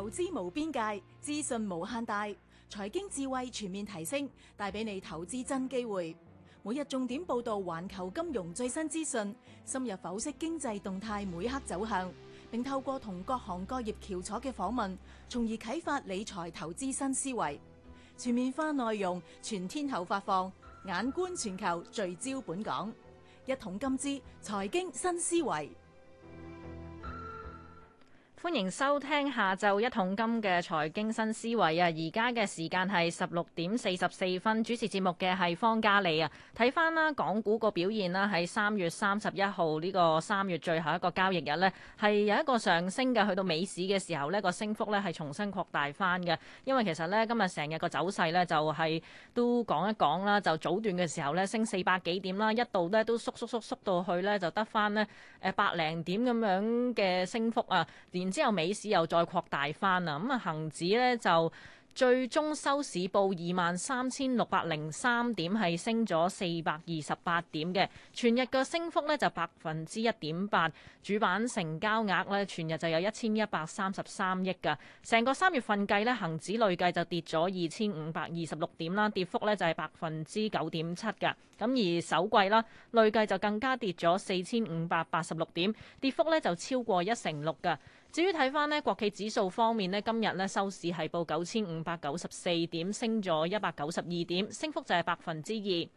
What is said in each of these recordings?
投資無邊界，資訊無限大，財經智慧全面提升，帶俾你投資真機會。每日重點報道環球金融最新資訊，深入剖析經濟動態每刻走向，並透過同各行各業翹楚嘅訪問，從而啟發理財投資新思維。全面化內容，全天候發放，眼觀全球，聚焦本港，一桶金資，財經新思維。歡迎收聽下晝一桶金嘅財經新思維啊！而家嘅時間係十六點四十四分，主持節目嘅係方嘉莉啊。睇翻啦，港股個表現啦，喺三月三十一號呢個三月最後一個交易日呢，係有一個上升嘅，去到尾市嘅時候呢個升幅呢係重新擴大翻嘅。因為其實呢今日成日個走勢呢就係都講一講啦，就早段嘅時候呢升四百幾點啦，一度呢都縮縮縮縮縮到去呢就得翻呢誒百零點咁樣嘅升幅啊，之後，美市又再擴大翻啦。咁啊，恒指呢就最終收市報二萬三千六百零三點，係升咗四百二十八點嘅。全日嘅升幅呢就百分之一點八。主板成交額呢全日就有一千一百三十三億㗎。成個三月份計呢，恒指累計就跌咗二千五百二十六點啦，跌幅呢就係百分之九點七㗎。咁而首季啦，累計就更加跌咗四千五百八十六點，跌幅呢就超過一成六㗎。至於睇翻咧，國企指數方面咧，今日咧收市係報九千五百九十四點，升咗一百九十二點，升幅就係百分之二。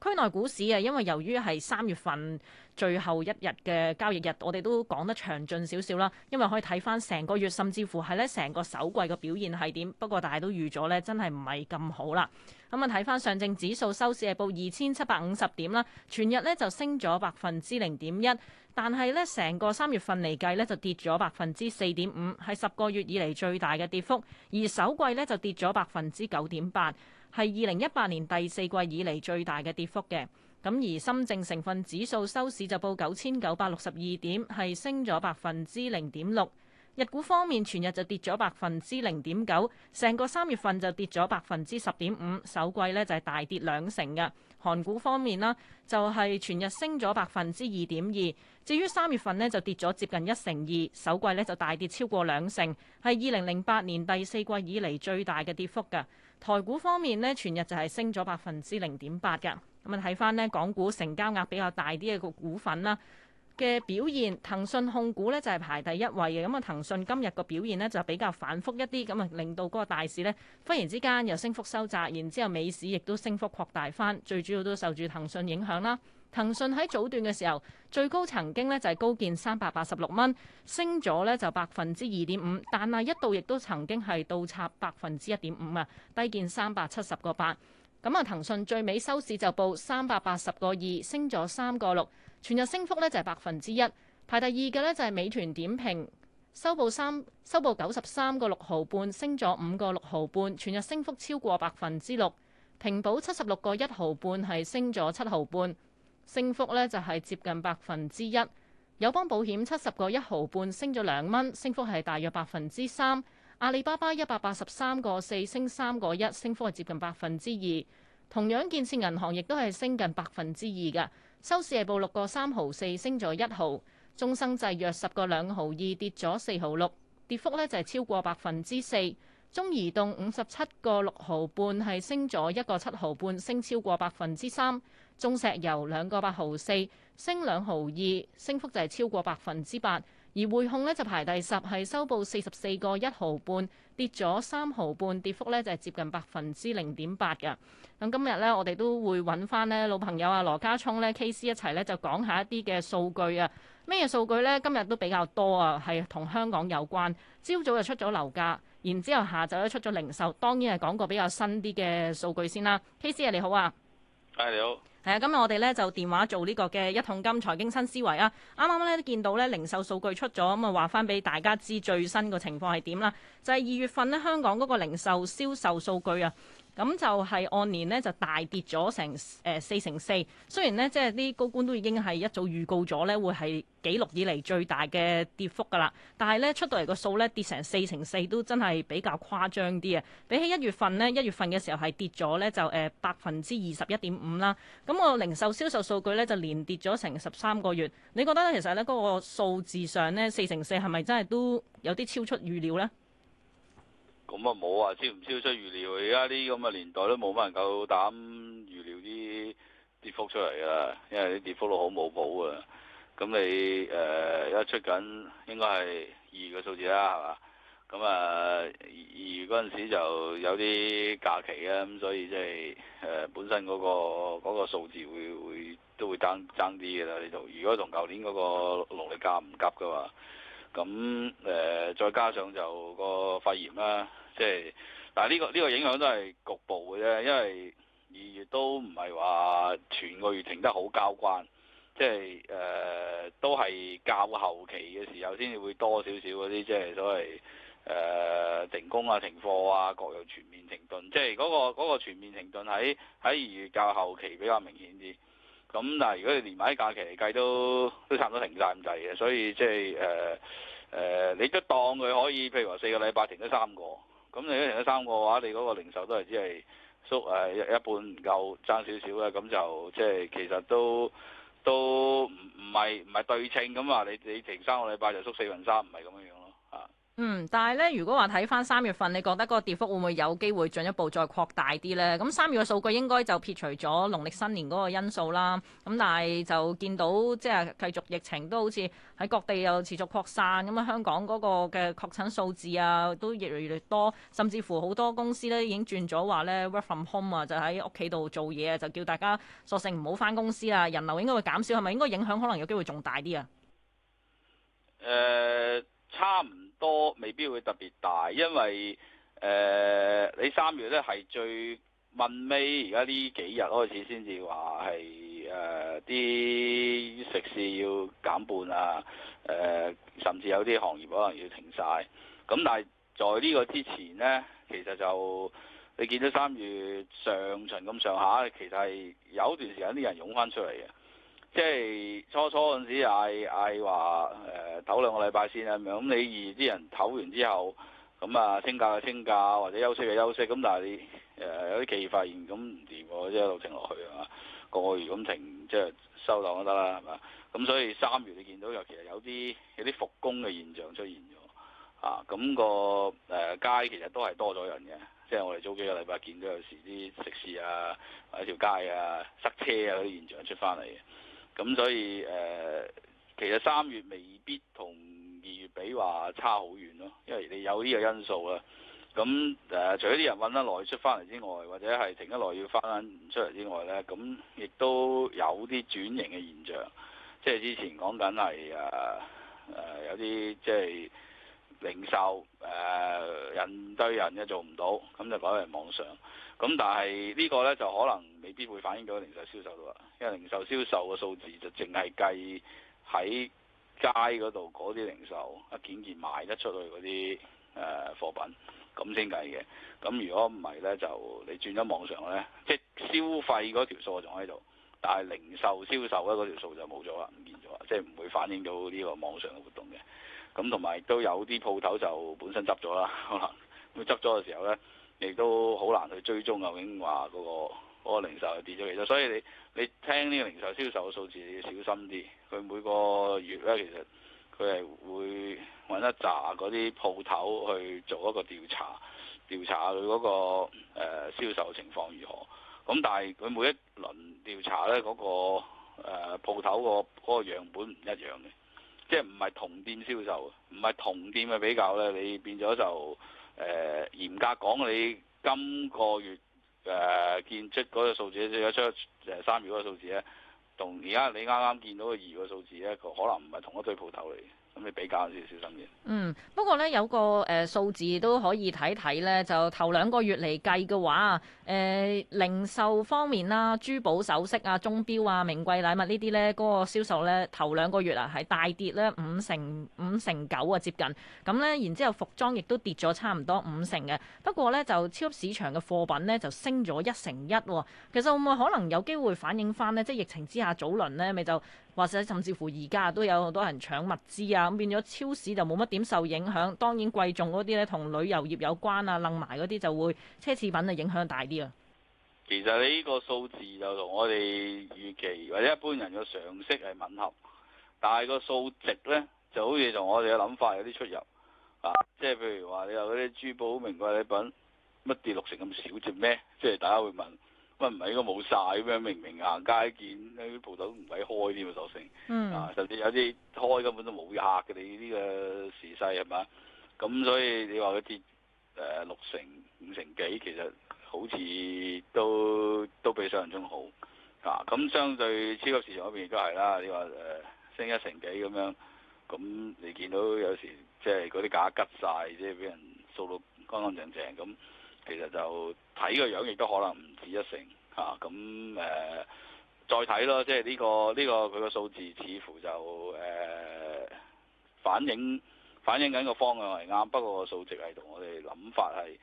區內股市啊，因為由於係三月份最後一日嘅交易日，我哋都講得詳盡少少啦。因為可以睇翻成個月，甚至乎係呢成個首季嘅表現係點。不過，大家都預咗呢，真係唔係咁好啦。咁啊，睇翻上證指數收市係報二千七百五十點啦，全日呢就升咗百分之零點一，但係呢，成個三月份嚟計呢，就跌咗百分之四點五，係十個月以嚟最大嘅跌幅。而首季呢，就跌咗百分之九點八。係二零一八年第四季以嚟最大嘅跌幅嘅。咁，而深證成分指數收市就報九千九百六十二點，係升咗百分之零點六。日股方面，全日就跌咗百分之零點九，成個三月份就跌咗百分之十點五，首季呢就係、是、大跌兩成嘅。韓股方面啦，就係、是、全日升咗百分之二點二，至於三月份呢，就跌咗接近一成二，首季呢就大跌超過兩成，係二零零八年第四季以嚟最大嘅跌幅㗎。台股方面呢，全日就係升咗百分之零點八㗎。咁啊，睇翻呢，港股成交額比較大啲嘅個股份啦嘅表現，騰訊控股呢就係排第一位嘅。咁啊，騰訊今日個表現呢就比較反覆一啲，咁啊令到嗰個大市呢，忽然之間又升幅收窄，然之後美市亦都升幅擴大翻，最主要都受住騰訊影響啦。騰訊喺早段嘅時候最高曾經呢就係高見三百八十六蚊，升咗呢就百分之二點五。但係一度亦都曾經係倒插百分之一點五啊，低見三百七十個八。咁啊，騰訊最尾收市就報三百八十個二，升咗三個六，全日升幅呢就係百分之一。排第二嘅呢就係美團點評，收報三收報九十三個六毫半，升咗五個六毫半，全日升幅超過百分之六，平保七十六個一毫半係升咗七毫半。升幅咧就係接近百分之一。友邦保險七十個一毫半升咗兩蚊，升幅係大約百分之三。阿里巴巴一百八十三個四升三個一，升幅係接近百分之二。同樣建設銀行亦都係升近百分之二嘅，收市係報六個三毫四，升咗一毫。中生製藥十個兩毫二跌咗四毫六，跌幅咧就係超過百分之四。中移動五十七個六毫半係升咗一個七毫半，升超過百分之三。中石油兩個八毫四，升兩毫二，升幅就係超過百分之八。而匯控咧就排第十，係收報四十四個一毫半，跌咗三毫半，跌幅咧就係接近百分之零點八嘅。咁今日咧，我哋都會揾翻咧老朋友啊羅家聰咧 K C 一齊咧就講下一啲嘅數據啊。咩嘢數據咧？今日都比較多啊，係同香港有關。朝早就出咗樓價，然之後下晝咧出咗零售，當然係講個比較新啲嘅數據先啦。K C 啊，你好啊！你好，係啊，今日我哋咧就電話做呢個嘅一桶金財經新思維啊。啱啱咧都見到咧零售數據出咗，咁啊話翻俾大家知最新嘅情況係點啦，就係二月份咧香港嗰個零售銷售數據啊。咁就係按年呢，就大跌咗成誒四成四。雖然呢，即係啲高官都已經係一早預告咗呢會係紀錄以嚟最大嘅跌幅㗎啦。但係呢，出到嚟個數呢，跌成四成四，都真係比較誇張啲啊！比起一月份呢，一月份嘅時候係跌咗呢，就誒百分之二十一點五啦。咁、呃、我零售銷售數據呢，就連跌咗成十三個月。你覺得呢？其實呢，嗰、那個數字上呢，四成四係咪真係都有啲超出預料呢？咁啊冇啊，超唔超出預料？而家啲咁嘅年代都冇乜人夠膽預料啲跌幅出嚟啊！因為啲跌幅都好冇譜啊！咁你誒而家出緊應該係二月嘅數字啦，係嘛？咁啊二嗰陣時就有啲假期啊，咁所以即係誒本身嗰個嗰個數字會會都會爭爭啲嘅啦。你同如果同舊年嗰個農曆假唔夾嘅話。咁誒、呃，再加上就個肺炎啦，即、就、係、是，但係呢、這個呢、這個影響都係局部嘅啫，因為二月都唔係話全個月停得好交關，即係誒都係較後期嘅時候先至會多少少嗰啲，即、就、係、是、所謂誒、呃、停工啊、停課啊，各樣全面停頓，即係嗰個全面停頓喺喺二月較後期比較明顯啲。咁但係如果你連埋啲假期嚟計都都差唔多停晒咁滯嘅，所以即係誒誒，你都當佢可以譬如話四個禮拜停咗三個，咁你一停咗三個嘅話，你嗰個零售都係只係縮誒一一半唔夠爭少少嘅，咁就即係其實都都唔唔係唔係對稱咁話你你停三個禮拜就縮四分三，唔係咁樣樣。嗯，但係咧，如果話睇翻三月份，你覺得嗰個跌幅會唔會有機會進一步再擴大啲呢？咁三月嘅數據應該就撇除咗農曆新年嗰個因素啦。咁但係就見到即係繼續疫情都好似喺各地又持續擴散。咁、嗯、啊，香港嗰個嘅確診數字啊都越嚟越多，甚至乎好多公司咧已經轉咗話呢：「work from home」啊，就喺屋企度做嘢就叫大家索性唔好翻公司啊。人流應該會減少，係咪應該影響可能有機會仲大啲啊？誒，差唔多未必會特別大，因為誒、呃、你三月咧係最問尾，而家呢幾日開始先至話係誒啲食肆要減半啊，誒、呃、甚至有啲行業可能要停晒。咁但係在呢個之前呢，其實就你見到三月上旬咁上下，其實係有段時間啲人湧翻出嚟嘅。即係初初嗰陣時嗌嗌話誒唞兩個禮拜先啊，咁你二啲人唞完之後，咁啊請假就請假，或者休息就休息。咁但係你誒有啲企業發現咁唔掂喎，即係一路停落去啊，個個月咁停即係收檔都得啦，係嘛？咁所以三月你見到又其實有啲有啲復工嘅現象出現咗啊，咁、那個誒、呃、街其實都係多咗人嘅，即係我哋早幾個禮拜見到有時啲食肆啊喺條街啊塞車啊嗰啲現象出翻嚟嘅。咁所以誒、呃，其實三月未必同二月比話差好遠咯，因為你有呢個因素呀。咁誒、呃，除咗啲人搵得耐出翻嚟之外，或者係停得耐要翻翻唔出嚟之外咧，咁亦都有啲轉型嘅現象，即係之前講緊係誒誒有啲即係。零售誒、呃、人對人咧做唔到，咁就改為網上。咁但係呢個呢，就可能未必會反映到零售銷售㗎，因為零售銷售嘅數字就淨係計喺街嗰度嗰啲零售一件一件賣得出去嗰啲誒貨品咁先計嘅。咁如果唔係呢，就你轉咗網上呢，即係消費嗰條數仲喺度，但係零售銷售咧嗰條數就冇咗啦，唔見咗啦，即係唔會反映到呢個網上嘅活動嘅。咁同埋都有啲鋪頭就本身執咗啦，可能咁執咗嘅時候呢，亦都好難去追蹤究竟話嗰個嗰個零售係跌咗幾多，所以你你聽呢個零售銷售嘅數字你要小心啲。佢每個月呢，其實佢係會揾一紮嗰啲鋪頭去做一個調查，調查佢嗰個誒、呃、銷售情況如何。咁但係佢每一輪調查呢，嗰個誒鋪頭個嗰個樣本唔一樣嘅。即係唔係同店銷售，唔係同店嘅比較咧，你變咗就誒、呃、嚴格講，你今個月誒、呃、見出嗰個數字，即係一出誒三月嗰個數字咧，同而家你啱啱見到嘅二月嗰個數字咧，佢可能唔係同一堆鋪頭嚟。咁你比較少少先，嗯，不過呢，有個誒、呃、數字都可以睇睇呢就頭兩個月嚟計嘅話，誒、呃、零售方面啦，珠寶首飾啊、鐘錶啊、名貴禮物呢啲呢，嗰、那個銷售呢，頭兩個月啊係大跌呢五成五成九啊接近。咁、嗯、呢，然之後服裝亦都跌咗差唔多五成嘅。不過呢，就超級市場嘅貨品呢，就升咗一成一、哦。其實會唔會可能有機會反映返呢，即係疫情之下早輪呢咪就？或者甚至乎而家都有好多人搶物資啊，變咗超市就冇乜點受影響。當然貴重嗰啲咧同旅遊業有關啊，楞埋嗰啲就會奢侈品啊影響大啲啊。其實呢個數字就同我哋預期或者一般人嘅常識係吻合，但係個數值咧就好似同我哋嘅諗法有啲出入啊。即係譬如話你有嗰啲珠寶名貴禮品乜跌六成咁少，做咩？即係大家會問。乜唔係應該冇晒，咁明明行街見啲鋪頭唔鬼開添啊，首城，啊、嗯、甚至有啲開根本都冇客嘅。你呢個時勢係嘛？咁所以你話佢跌誒六成五成幾，其實好似都都比想像中好啊。咁相對超級市場嗰邊亦都係啦。你話誒、呃、升一成幾咁樣，咁你見到有時即係嗰啲架吉晒啫，俾人掃到乾乾淨淨咁。其實就睇個樣，亦都可能唔止一成嚇。咁、啊、誒、呃、再睇咯，即係呢、呢個呢、呢個佢個數字似乎就誒、呃、反映反映緊個方向係啱，不過個數值係同我哋諗法係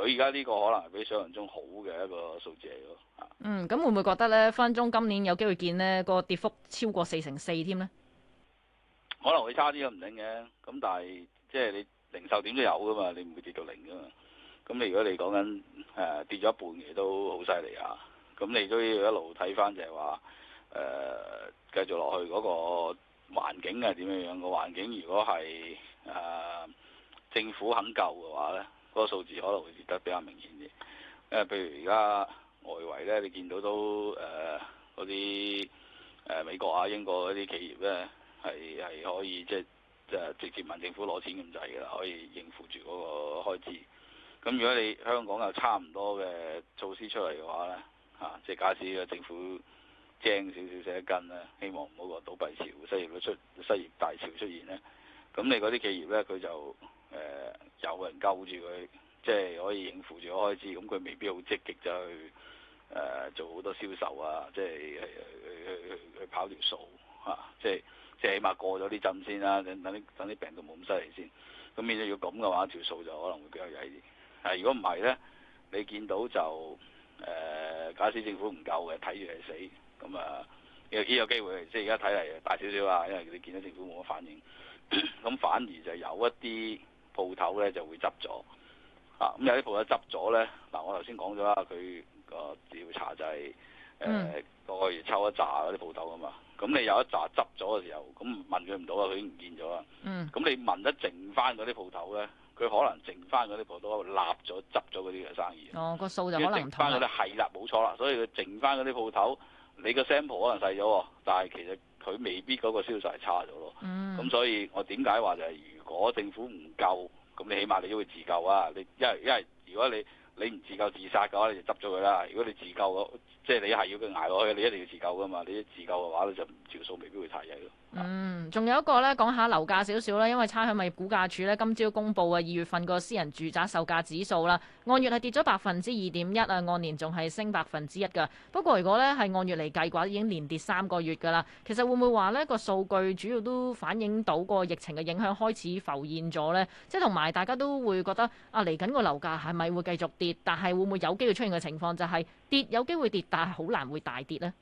佢而家呢個可能係比想象中好嘅一個數字嚟咯嚇。啊、嗯，咁會唔會覺得咧分分鐘今年有機會見呢個跌幅超過四成四添呢？可能會差啲都唔定嘅，咁但係即係你零售點都有噶嘛，你唔會跌到零噶嘛。咁你如果你講緊誒跌咗一半嘅都好犀利啊！咁你都要一路睇翻，就係話誒繼續落去嗰個環境係點樣樣個環境。如果係誒呃政府肯救嘅話咧，嗰個數字可能會跌得比較明顯啲。因為譬如而家外圍咧，你見到都誒嗰啲誒美國啊、英國嗰啲企業咧，係係可以即係直接問政府攞錢咁滯嘅啦，可以應付住嗰個開支。咁如果你香港有差唔多嘅措施出嚟嘅話咧，嚇、啊，即係假使個政府精少少寫一斤咧，希望唔好話倒閉潮、失業率出失業大潮出現咧。咁你嗰啲企業咧，佢就誒、呃、有人救住佢，即係可以應付住開支，咁佢未必好積極就去誒、呃、做好多銷售啊，即係係去去去，去跑條數嚇、啊，即係即係起碼過咗啲針先啦、啊，等等啲等啲病都冇咁犀利先。咁變咗要咁嘅話，條數就可能會比較曳啲。啊！如果唔係咧，你見到就誒、呃，假使政府唔夠嘅，睇住嚟死咁啊！亦、嗯、有機會，即係而家睇嚟大少少啊！因為你見到政府冇乜反應，咁 反而就有一啲鋪頭咧就會執咗啊！咁有啲鋪頭執咗咧，嗱、啊、我頭先講咗啦，佢個調查就係誒個個月抽一紮嗰啲鋪頭啊嘛。咁你有一紮執咗嘅時候，咁問佢唔到啊，佢已經唔見咗啊。咁、嗯、你問得剩翻嗰啲鋪頭咧？佢可能剩翻嗰啲鋪都立咗執咗嗰啲嘅生意，哦個數就可能唔同啊！剩翻嗰啲係嘞，冇錯啦，所以佢剩翻嗰啲鋪頭，你個 sample 可能細咗，但係其實佢未必嗰個銷售係差咗咯。咁、嗯、所以我點解話就係如果政府唔救，咁你起碼你都會自救啊！你因為因為如果你你唔自救自殺嘅話，你就執咗佢啦。如果你自救即係你係要佢捱落去，你一定要自救㗎嘛？你一自救嘅話咧，就條數未必會太曳咯。嗯，仲有一個咧，講下樓價少少啦，因為差餉物業估價署咧，今朝公布嘅二月份個私人住宅售價指數啦，按月係跌咗百分之二點一啊，按年仲係升百分之一㗎。不過如果咧係按月嚟計嘅話，已經連跌三個月㗎啦。其實會唔會話呢個數據主要都反映到個疫情嘅影響開始浮現咗呢？即係同埋大家都會覺得啊，嚟緊個樓價係咪會繼續跌？但係會唔會有機會出現嘅情況就係、是、跌，有機會跌？但係好難會大跌咧，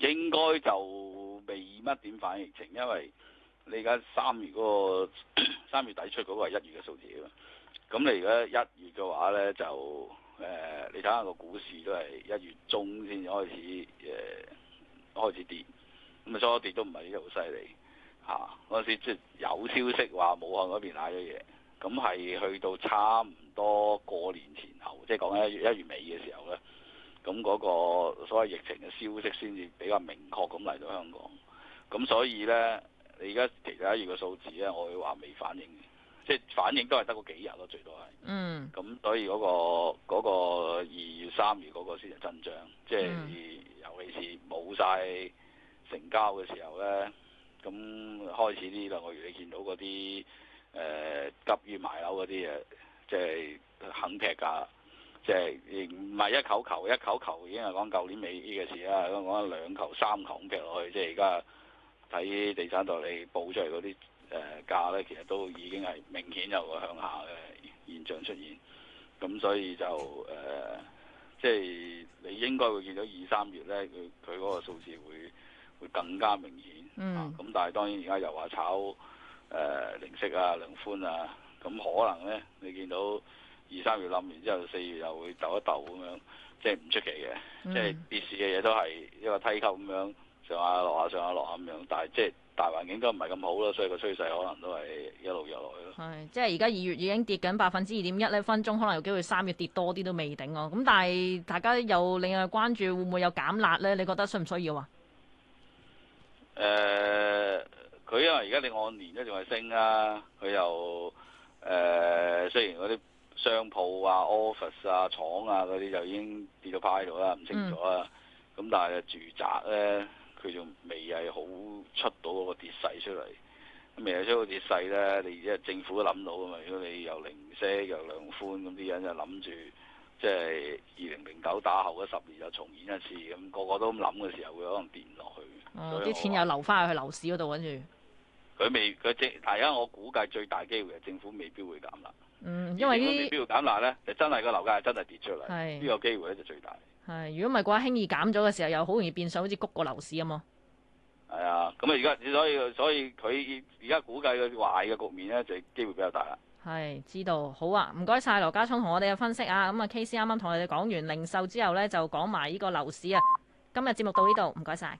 應該就未乜點反應疫情，因為你而家三月嗰，那個三 月底出嗰個係一月嘅數字。咁你而家一月嘅話咧，就誒，呃、你睇下個股市都係一月中先開始誒，呃、開始跌，咁，嗯、啊，所以跌都唔係好犀利嚇。嗰陣時即係有消息話武漢嗰邊嗌咗嘢，咁係去到差唔多過年前後，即係講緊一月一月尾嘅時候咧。咁嗰個所謂疫情嘅消息先至比較明確咁嚟到香港，咁所以呢，你而家其他一月嘅數字呢，我會話未反應即係反應都係得嗰幾日咯，最多係。嗯。咁所以嗰個、嗰個二月三月嗰個先係增長，即係尤其是冇晒成交嘅時候呢，咁開始呢兩個月你見到嗰啲誒急於買樓嗰啲誒，即係肯劈價。即係唔係一球球一球球已經係講舊年尾呢個事啦。咁講兩球三球咁劈落去，即係而家睇地產代理報出嚟嗰啲誒價咧，其實都已經係明顯有個向下嘅現象出現。咁所以就誒、呃，即係你應該會見到二三月咧，佢佢嗰個數字會會更加明顯。嗯。咁、啊、但係當然而家又話炒誒零息啊、量寬啊，咁可能咧你見到。二三月冧完之後四月又會抖一抖咁樣，嗯、即係唔出奇嘅。即係跌市嘅嘢都係一個梯級咁樣，上下落下上下落下咁樣。但係即係大環境都唔係咁好咯，所以個趨勢可能都係一路入落去咯。係，即係而家二月已經跌緊百分之二點一呢，分鐘可能有機會三月跌多啲都未定哦、啊。咁但係大家有另外關注會唔會有減辣咧？你覺得需唔需要啊？誒、呃，佢因為而家你按年都仲係升啊，佢又誒、呃、雖然嗰啲。商鋪啊、office 啊、廠啊嗰啲就已經跌到派到啦，唔清楚啊。咁、嗯、但係住宅咧，佢仲未係好出到嗰個跌勢出嚟。未有出到跌勢咧，你即係政府都諗到啊嘛。如果你由零又零息又量寬，咁啲人就諗住即係二零零九打後嗰十年又重演一次。咁個個都咁諗嘅時候，會可能跌唔落去。哦、嗯，啲以錢又留翻去樓市嗰度跟住。佢未，佢即係大家我估計最大機會係政府未必會減啦。嗯，因為呢個必要減難咧？就真係個樓價係真係跌出嚟，呢是個機會咧就最大。係，如果唔係嘅話，輕易減咗嘅時候，又好容易變相，好似谷過樓市啊嘛。係啊，咁啊而家所以所以佢而家估計嘅壞嘅局面咧，就機會比較大啦。係，知道好啊，唔該晒。羅家聰同我哋嘅分析啊，咁、嗯、啊 KC 啱啱同我哋講完零售之後咧，就講埋呢個樓市啊。今日節目到呢度，唔該晒。